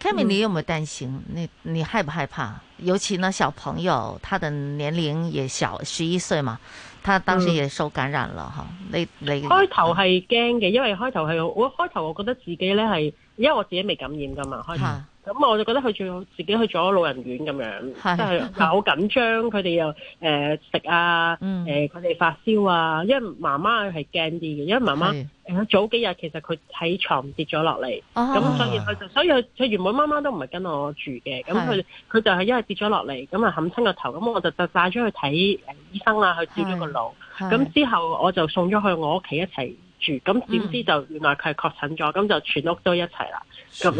，Kami，你有冇擔心？嗯、你你害不害怕？尤其呢小朋友，他的年齡也小，十一歲嘛。他當時也受感染了哈、嗯，你你開頭係驚嘅，因為開頭係我開頭我覺得自己呢係，因為我自己未感染㗎嘛，開頭咁我就覺得佢自己去咗老人院咁樣，即係好緊張。佢哋又誒食啊，誒佢哋發燒啊。因為媽媽係驚啲嘅，因為媽媽早幾日其實佢喺床跌咗落嚟，咁所以佢就所以佢原本媽媽都唔係跟我住嘅，咁佢佢就係因為跌咗落嚟，咁啊冚親個頭，咁我就就帶咗去睇醫生啦，去照咗個腦。咁之後我就送咗去我屋企一齊住，咁點知就原來佢係確診咗，咁就全屋都一齊啦，咁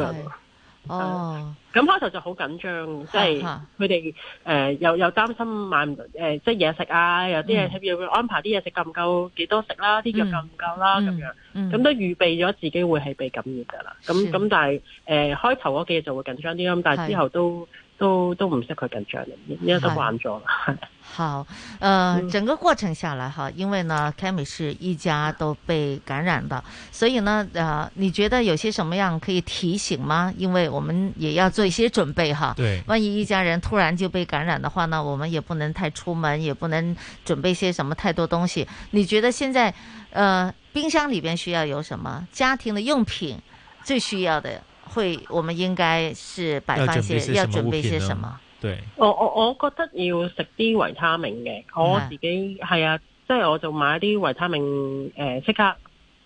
哦，咁開頭就好緊張，即係佢哋誒又又擔心買唔到誒、呃、即係嘢食啊，有啲嘢要安排啲嘢食夠唔夠，幾多食啦，啲藥夠唔夠啦，咁樣，咁、嗯、都預備咗自己會係被感染噶啦，咁咁的但係誒開頭嗰幾日就會緊張啲咁但係之後都。都都唔識佢緊張，因為都慣咗。い 好，呃，嗯，整個過程下來哈，因為呢，Cammy 是一家都被感染的，所以呢，呃，你覺得有些什麼樣可以提醒嗎？因為我們也要做一些準備哈。對，萬一一家人突然就被感染的話呢，我們也不能太出門，也不能準備些什麼太多東西。你覺得現在，呃，冰箱裏邊需要有什麼家庭的用品最需要的？會，我們應該是擺翻些，要準，些要準備些什麼？對，我我我覺得要食啲維他命嘅，我自己係是啊，即、就、係、是、我就買啲維他命，誒、呃、即刻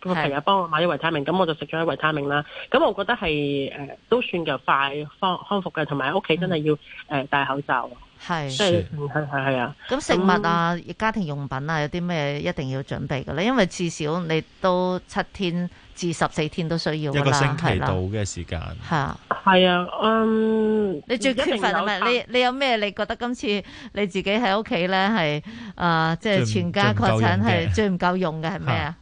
個朋友幫我買啲維他命，咁是我就食咗啲維他命啦。咁我覺得係誒、呃、都算就快康康復嘅，同埋屋企真係要誒、嗯呃、戴口罩。係是，係係係啊，咁、啊、食物啊、嗯、家庭用品啊，有啲咩一定要準備嘅咧？因為至少你都七天。至十四天都需要一個星期到嘅時間。係啦，係啊，嗯，你最缺乏係咪？你你有咩？你覺得今次你自己喺屋企咧，係即係全家確診係最唔夠用嘅係咩啊？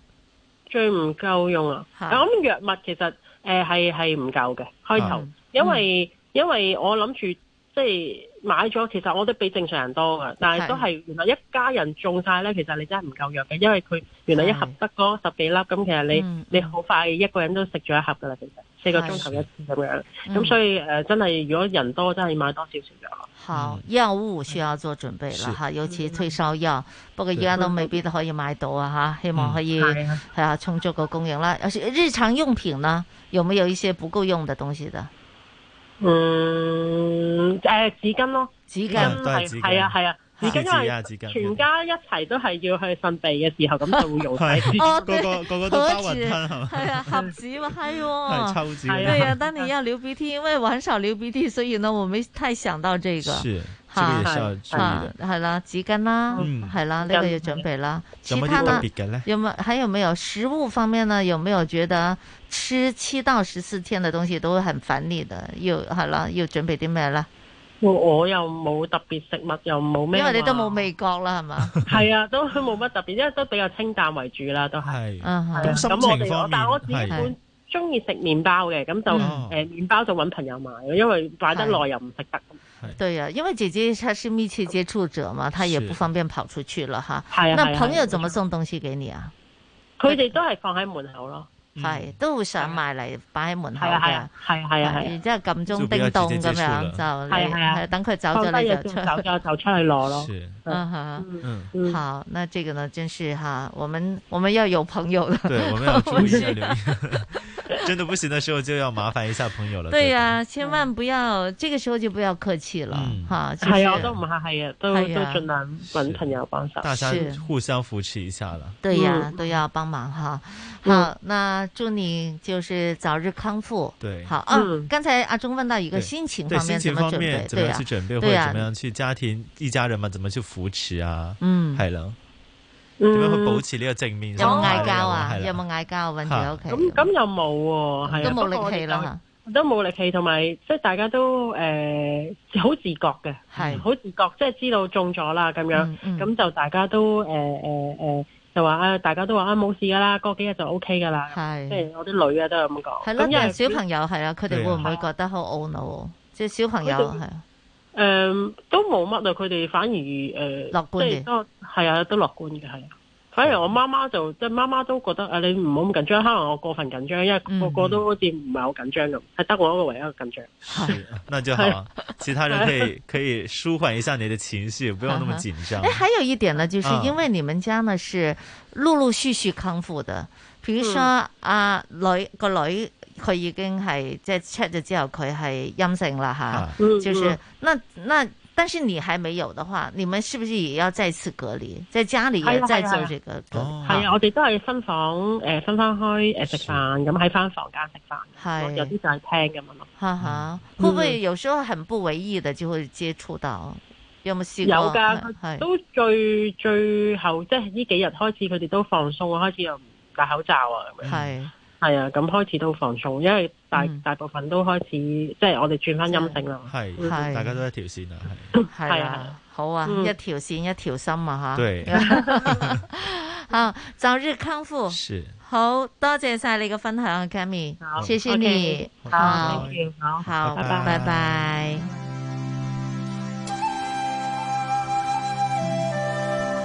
最唔夠用，用，用啊！啊我諗藥物其實誒係係唔夠嘅開頭，因為、嗯、因為我諗住。即係買咗，其實我都比正常人多噶，但係都係原來一家人中晒咧，其實你真係唔夠藥嘅，因為佢原來一盒得嗰十幾粒，咁是其實你、嗯、你好快一個人都食咗一盒噶啦，其實四個鐘頭一次咁樣，咁是、嗯、所以誒、呃、真係如果人多真係買多少少藥。好，藥物需要做準備啦吓，是尤其退燒藥，嗯、不過依家都未必都可以買到對啊吓，希望可以係、嗯、啊充足個供應啦。有日常用品呢，有冇有一些不夠用的東西的？嗯，誒，紙巾咯，紙巾係係啊係啊，紙巾因為全家一齊都係要去擤鼻嘅時候咁，就會個個個個都包雲吞，係啊，盒紙嘛係，係抽紙，係啊，當你要流鼻涕，因為我很少流鼻涕，所以呢，我沒太想到這個。呢個係啦，紙巾啦，係啦，呢個要準備啦。其他呢有冇還有沒有食物方面呢？有冇有覺得吃七到十四天嘅東西都很煩你？的要係啦，要準備啲咩啦？我又冇特別食物，又冇咩，因為你都冇味覺啦，係嘛？係啊，都冇乜特別，因為都比較清淡為主啦，都係。咁我哋，心情方面。但我自己本中意食麵包嘅，咁就誒麵包就揾朋友買，因為擺得耐又唔食得。對呀，因為姐姐她是密切接觸者嘛，她也不方便跑出去了是哈。那朋友怎麼送東西給你啊？佢哋都係放喺門口咯。係都想買埋嚟擺喺門口嘅，係係係，然之後撳鐘叮咚咁樣就係係啊，等佢走咗你就出就出嚟攞咯。嗯嗯好，那這個呢，真是哈，我們我們要有朋友了。對，我們要注意一下，真的不行的時候就要麻煩一下朋友了。對呀，千萬不要這個時候就不要客氣了。好，係啊，都唔係係都都盡量搵朋友幫手，大家互相扶持一下了。對呀，都要幫忙哈。好，那祝你就是早日康復。對，好啊。剛才阿忠問到一個心情方面，怎麼準備？對啊，對啊，去家庭一家人嘛，怎麼去扶持啊？嗯，係咯，點樣去保持呢個正面心態啊，有冇嗌交啊？有冇嗌交？揾住喺屋企。咁咁又冇，係都冇力氣咯，都冇力氣。同埋即係大家都誒好自覺嘅，係好自覺，即係知道中咗啦咁樣，咁就大家都誒誒誒。就話啊，大家都話啊冇事噶啦，過幾日就 OK 噶啦，係，即係我啲女啊都係咁講。係咯，因為小朋友係啊，佢哋會唔會覺得好懊惱？即係小朋友係，誒都冇乜啊，佢哋反而誒，樂觀嘅，係啊，都樂觀嘅，係。反而我媽媽就即係媽媽都覺得啊，你唔好咁緊張，可能我過分緊張，因為個、嗯、個，個都好似唔係好緊張咁，係得我一個唯一一個緊張。係，那就好，是其他人可以是可以舒緩一下你嘅情緒，啊、不用那麼緊張。誒、啊，還有一點呢，就是因為你們家呢是陸陸續續康復的，譬如說阿、嗯啊、女個女佢已經係即係 check 咗之後，佢係陰性啦嚇，啊、就是那、嗯嗯、那。那但是你還沒有的話，你們是不是也要再次隔離？在家裏也再做這個？係啊啊、哦、啊，我哋都係分房，誒、呃，分分開誒食、呃、飯，咁喺翻房間食飯。係是，有啲就喺廳咁樣咯。吓吓哈，嗯、會不會有時候很不為意的就會接觸到？嗯、有冇試過？有的嗯、都最是最後即係呢幾日開始，佢哋都放鬆，開始又唔戴口罩啊咁樣。係。係啊，咁開始都好放鬆，因為大大部分都開始即係我哋轉翻陰性啦。係，係，大家都一條綫啊，係，係啊，好啊，一條綫一條心啊，吓。對，好早日康復，好多謝晒你嘅分享啊，Kami，謝謝你，好，好，拜拜。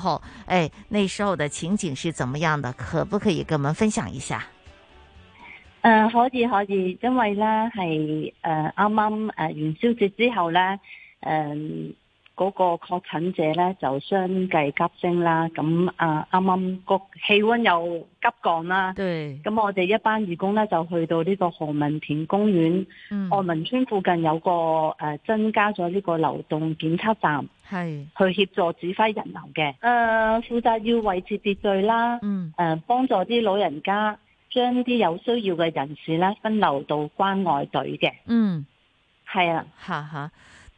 後，誒、哎，那時候的情景是怎麼樣的？可不可以跟我們分享一下？誒、呃，可以可以，因為呢係誒啱啱誒元宵節之後呢，誒、呃、嗰、那個確診者呢就相繼急升啦，咁啊啱啱個氣溫又急降啦，咁對我哋一班義工呢就去到呢個何文田公園，愛民、嗯、村附近有個誒、呃、增加咗呢個流動檢測站。係，是去協助指揮人流嘅。誒、呃，負責要維持秩序啦。嗯。誒、呃，幫助啲老人家將啲有需要嘅人士咧分流到關愛隊嘅。嗯，係啊的。吓吓。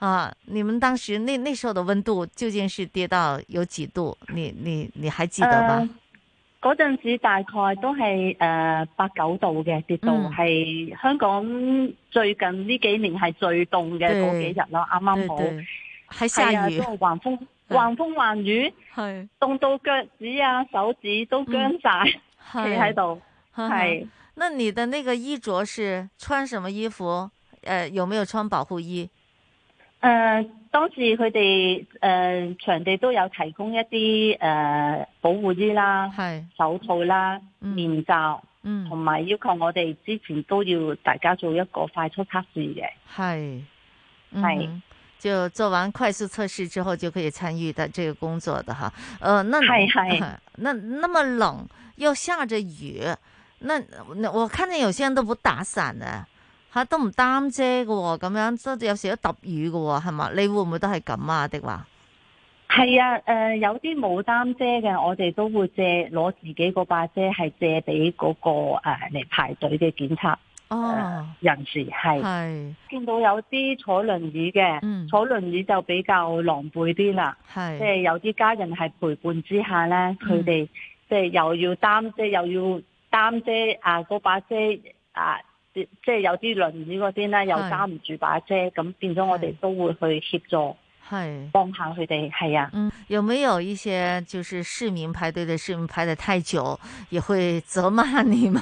啊！你們當時那那時候的温度究竟是跌到有幾度？你你你還記得嗎？嗰陣、呃、時大概都係誒八九度嘅跌到，係、嗯、香港最近呢幾年係最凍嘅嗰幾日啦，啱啱對好喺下雨，仲有橫風，橫風橫雨，係凍、嗯、到腳趾啊手指都僵晒，企喺度係。那,嗯、那你的那個衣着是穿什麼衣服？呃有沒有穿保護衣？誒、呃，當時佢哋誒場地都有提供一啲誒、呃、保護衣啦，係是手套啦、嗯、面罩，嗯，同埋要求我哋之前都要大家做一個快速測試嘅，係係，嗯、是就做完快速測試之後就可以參與到這個工作的哈。誒、呃，那係係，那那麼冷又下着雨，那我看見有些人都不打傘嘅、啊。吓都唔擔遮嘅，咁樣，所以有時都揼雨喎，係嘛？你會唔會都係咁啊？的話係啊，誒，有啲冇擔遮嘅，我哋都會借攞自己把、個把遮，係借俾嗰個誒嚟排隊嘅檢測哦人士係。係是見到有啲坐輪椅嘅，嗯、坐輪椅就比較狼狽啲啦。係即係有啲家人係陪伴之下咧，佢哋即係又要擔遮，又要擔遮啊！嗰把遮啊～即係有啲輪椅嗰啲咧，又揸唔住把遮，咁的變咗我哋都會去協助，係幫的下佢哋，係啊、嗯，有冇有一些就是市民排隊的市民排得太久，也會責罵你們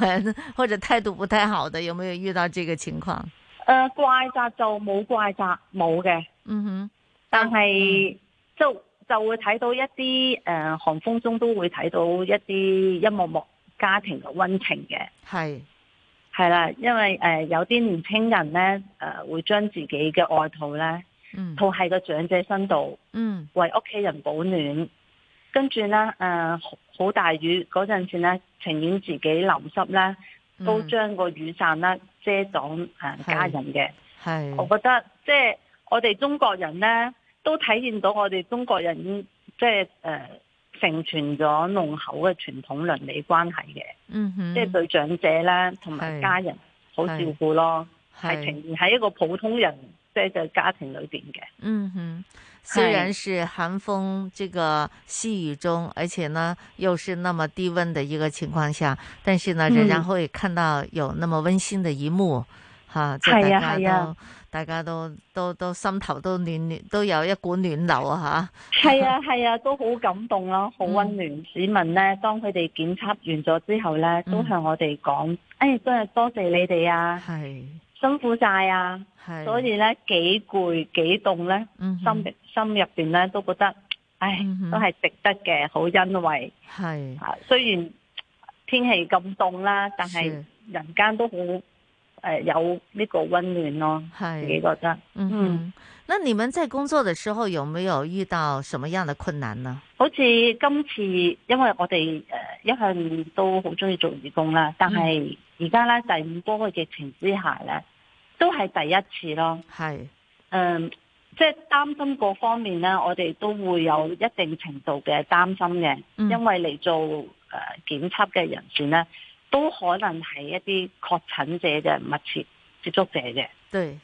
或者態度不太好的，有沒有遇到這個情況、呃？怪責就冇怪責，冇嘅。嗯哼，但係就就會睇到一啲誒、呃，寒風中都會睇到一啲一幕幕家庭嘅溫情嘅，係。係啦，因為誒、呃、有啲年青人咧，誒、呃、會將自己嘅外套咧，套喺個長者身度，嗯、為屋企人保暖。跟住咧，誒、呃、好大雨嗰陣時咧，情願自己淋濕咧，都將個雨傘咧遮擋誒、呃嗯、家人嘅。係，係我覺得即係我哋中國人咧，都體現到我哋中國人即係誒。呃成全咗濃厚嘅傳統倫理關係嘅，嗯、哼即係對長者咧同埋家人好照顧咯，係呈現喺一個普通人即係嘅家庭裏邊嘅。嗯哼，雖然是寒風這個細雨中，是而且呢又是那麼低溫的一個情況下，但是呢，仍然會看到有那麼溫馨的一幕，哈、嗯，啊、就大家都。大家都都都心頭都暖暖，都有一股暖流啊！吓，係啊係啊，都好感動咯，好温暖。市民呢，當佢哋檢測完咗之後呢，都向我哋講，哎，真係多謝你哋啊，係，辛苦晒啊。所以呢，幾攰幾凍呢，心心入邊呢都覺得，唉，都係值得嘅，好欣慰。係，雖然天氣咁凍啦，但係人間都好。誒、呃，有呢個溫暖咯，自己覺得。嗯嗯，那你們在工作的時候有沒有遇到什麼樣的困難呢？好似今次，因為我哋誒、呃、一向都好中意做義工啦，但係而家咧第五波嘅疫情之下咧，都係第一次咯。係是，誒、呃，即、就、係、是、擔心各方面咧，我哋都會有一定程度嘅擔心嘅，嗯、因為嚟做誒、呃、檢測嘅人士咧。都可能係一啲確診者嘅密切接觸者嘅。對，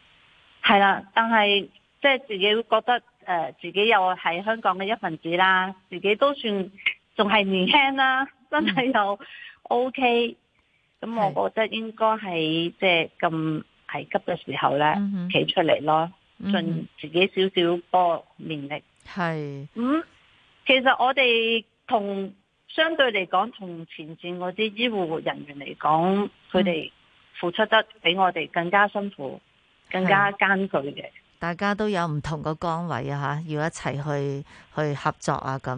係啦，但係即係自己會覺得誒、呃，自己又係香港嘅一份子啦，自己都算仲係年輕啦，身體又 OK。咁、嗯 OK、我覺得應該係是即係咁危急嘅時候呢，企、嗯、哼出嚟咯，盡自己少少個綿力。係是。咁、嗯、其實我哋同。相對嚟講，同前線嗰啲醫護人員嚟講，佢哋付出得比我哋更加辛苦、更加艱巨嘅。大家都有唔同嘅崗位啊，吓要一齊去去合作啊，咁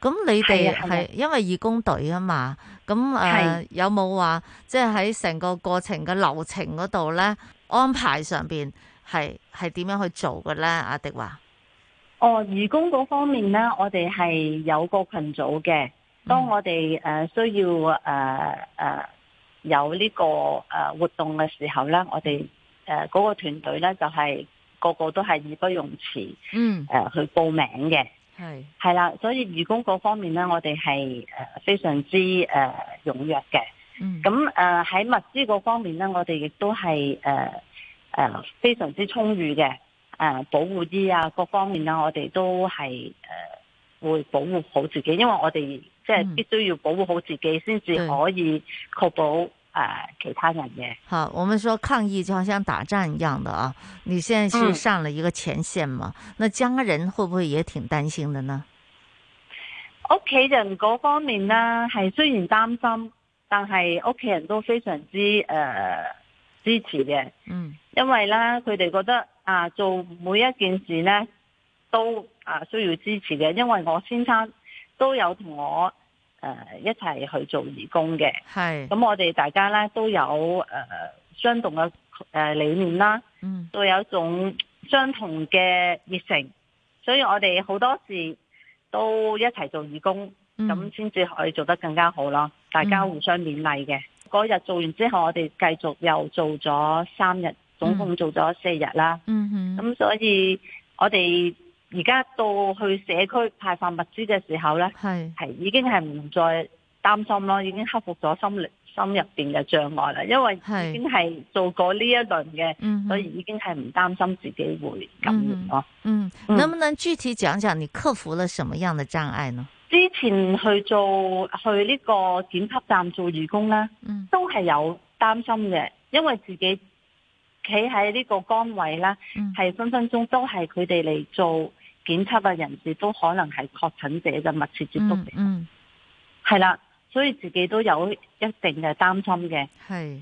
咁你哋係因為義工隊啊嘛，咁誒有冇話即係喺成個過程嘅流程嗰度咧安排上邊係係點樣去做嘅咧？阿、啊、迪華，哦，義工嗰方面咧，我哋係有個群組嘅。當我哋誒需要誒誒、呃呃、有呢個誒活動嘅時候咧，我哋誒嗰個團隊咧就係、是、個個都係義不容辭，嗯誒、呃、去報名嘅，係係啦，所以義工嗰方面咧，我哋係誒非常之誒、呃、踴躍嘅，嗯，咁誒喺物資嗰方面咧，我哋亦都係誒誒非常之充裕嘅，誒、呃、保護衣啊，各方面啊，我哋都係誒、呃、會保護好自己，因為我哋。即係必須要保護好自己，先至可以確保誒、嗯呃、其他人嘅。好，我們說抗疫就好像打仗一樣的啊！你現在是上了一個前線嘛？嗯、那家人會不會也挺擔心的呢？屋企人嗰方面呢，係雖然擔心，但係屋企人都非常之誒、呃、支持嘅。嗯，因為呢，佢哋覺得啊，做每一件事呢，都啊需要支持嘅，因為我先生。都有同我誒、呃、一齊去做義工嘅，咁是我哋大家咧都有誒相同嘅誒理念啦，嗯，都有一種相同嘅熱誠，所以我哋好多時都一齊做義工，咁先至可以做得更加好咯。大家互相勉勵嘅。嗰日、嗯、做完之後，我哋繼續又做咗三日，總共做咗四日啦。嗯咁，哼所以我哋。而家到去社區派發物資嘅時候呢係係已經係唔再擔心咯，已經克服咗心力心入邊嘅障礙啦。因為已經係做過呢一輪嘅，是所以已經係唔擔心自己會感染咯、嗯。嗯，嗯能唔能具體講一講你克服了什麼樣嘅障礙呢？之前去做去呢個檢測站做義工咧，嗯、都係有擔心嘅，因為自己企喺呢個崗位啦，係、嗯、分分鐘都係佢哋嚟做檢測嘅人士都可能係確診者嘅密切接觸者嗯，係、嗯、啦，所以自己都有一定嘅擔心嘅。係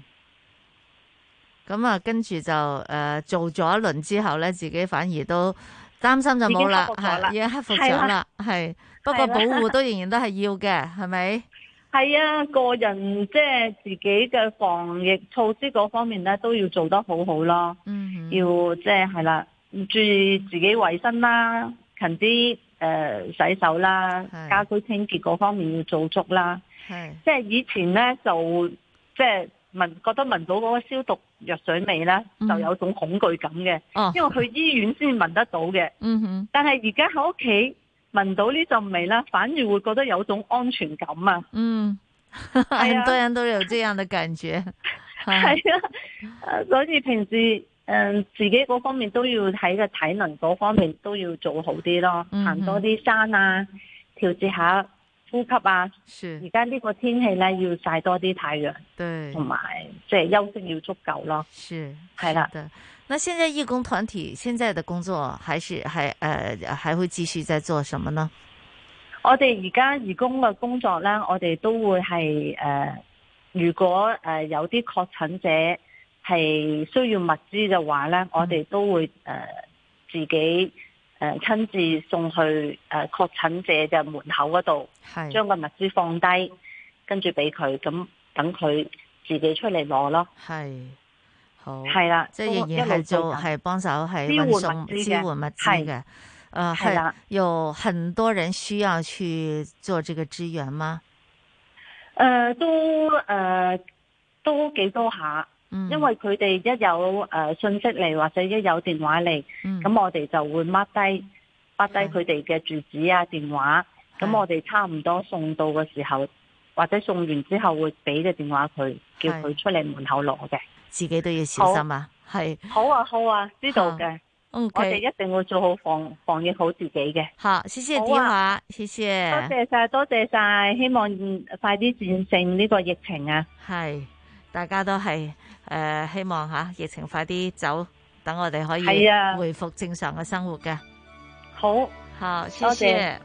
咁啊，跟住就誒、呃、做咗一輪之後咧，自己反而都擔心就冇啦，係已經克服咗啦，係、啊、不過保護都仍然都係要嘅，係咪？係啊，個人即係、就是、自己嘅防疫措施嗰方面咧，都要做得好好咯，嗯嗯要即係係啦。就是注意自己衛生啦，勤啲誒、呃、洗手啦，是家居清潔嗰方面要做足啦。是即係以前呢，就即係聞覺得聞到嗰個消毒藥水味呢，就有種恐懼感嘅。嗯、因為去醫院先聞得到嘅。嗯哼、哦，但係而家喺屋企聞到呢陣味呢，反而會覺得有種安全感啊。嗯， 很多人都有這樣的感覺。係啊， 啊，所以平時。呃、自己嗰方面都要喺個體能嗰方面都要做好啲咯。嗯嗯，行多啲山啊，調節下呼吸啊。是。而家呢個天氣咧，要曬多啲太陽。對。同埋即係休息要足夠咯。是。係啦。對。那現在義工團體現在的工作還是還誒、呃、還會繼續在做什麼呢？我哋而家義工嘅工作咧，我哋都會係誒、呃，如果誒、呃、有啲確診者。係需要物資嘅話咧，我哋都會誒自己誒親自送去誒確診者嘅門口嗰度，係將個物資放低，跟住俾佢咁等佢自己出嚟攞咯。係好係啦，即係仍然係做係幫手，係運送支援物資嘅。係啊，係呃，有很多人需要去做這個支援嗎？誒，呃，都誒，呃，都幾多下。嗯、因為佢哋一有誒信息嚟，或者一有電話嚟，咁、嗯、我哋就會 mark 低，發低佢哋嘅住址啊、電話，咁、嗯、我哋差唔多送到嘅時候，或者送完之後會俾個電話佢，是叫佢出嚟門口攞嘅，自己都要小心啊。係好。是好啊，好啊，知道嘅。OK，好我哋一定會做好防防疫好自己嘅。吓，謝謝嘅電話，謝、啊、謝多謝晒，多謝晒，希望快啲戰勝呢個疫情啊。係。大家都係希望疫情快啲走，等我哋可以回復正常嘅生活嘅。好吓，謝謝。